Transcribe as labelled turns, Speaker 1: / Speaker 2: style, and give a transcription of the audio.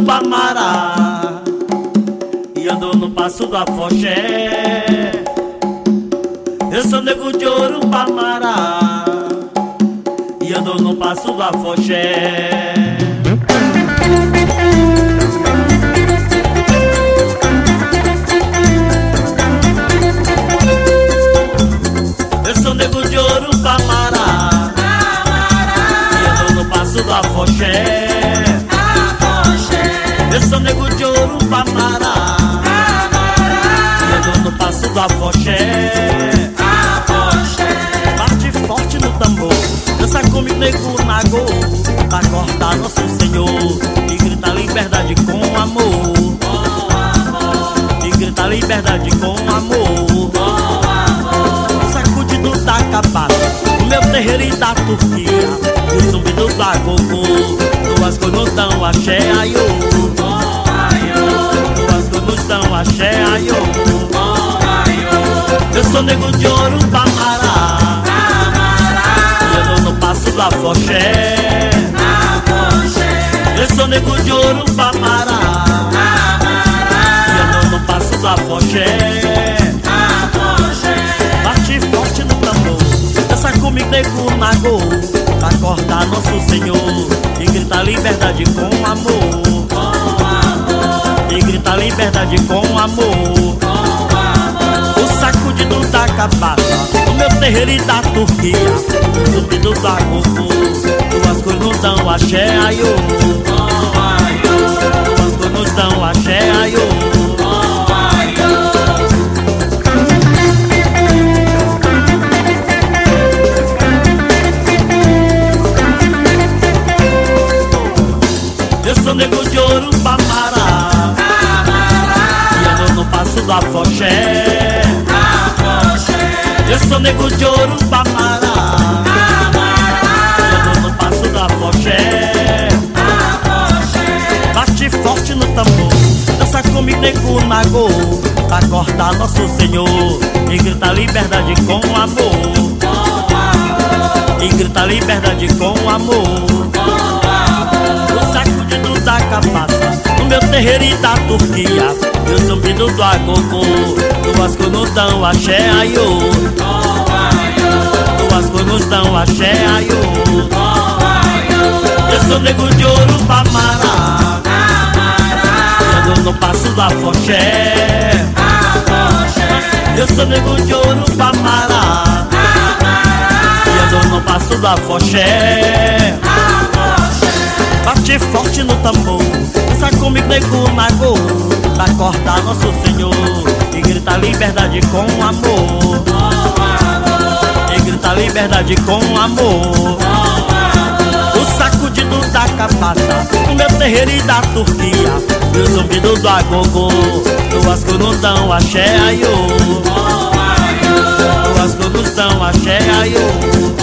Speaker 1: do Pamará E ando no passo da Afoxé Eu sou nego de ouro Pamará E ando no passo da Afoxé Eu sou nego de ouro Pamará E ando no passo da Afoxé dança come nego na go Pra cortar nosso senhor E grita liberdade com amor E grita liberdade com amor Sacude do capata O meu terreiro e da Turquia O zumbido do gogô Duas coisas dão axé aiô Duas coisas dão axé aiô Eu sou nego de ouro afoxé Afoxé Eu sou nego de ouro pra parar E eu não passo do afoxé Afoxé Bate forte no tambor Dança comigo nego na gol Pra acordar nosso senhor E grita liberdade com amor Com amor E grita liberdade com amor O sacudido da cabaça o meu terreiro da Turquia O zumbido da axé, aiô Quando nos dão axé, aiô Eu sou negro de ouro, papará E ando no passo do afoxé Eu sou negro de ouro, papará chegou Acorda nosso Senhor E grita liberdade com amor e grita liberdade com amor. O saco de da capaça, no meu terreiro e da Turquia, meu zumbido do agogô, do Vasco no tão axé aiô. Do Vasco no tão axé aiô. Eu sou nego de ouro pra mara no passo do afoxé Eu sou nego de ouro pra parar E ando no passo do afoxé Bate forte no tambor Dança comigo, nego mago Pra cortar nosso senhor E grita liberdade com amor E grita liberdade com amor O saco de da capata, o meu terreiro e da Turquia zumbido do agogô No Vasco não dão axé, aiô No Vasco não dão axé, aiô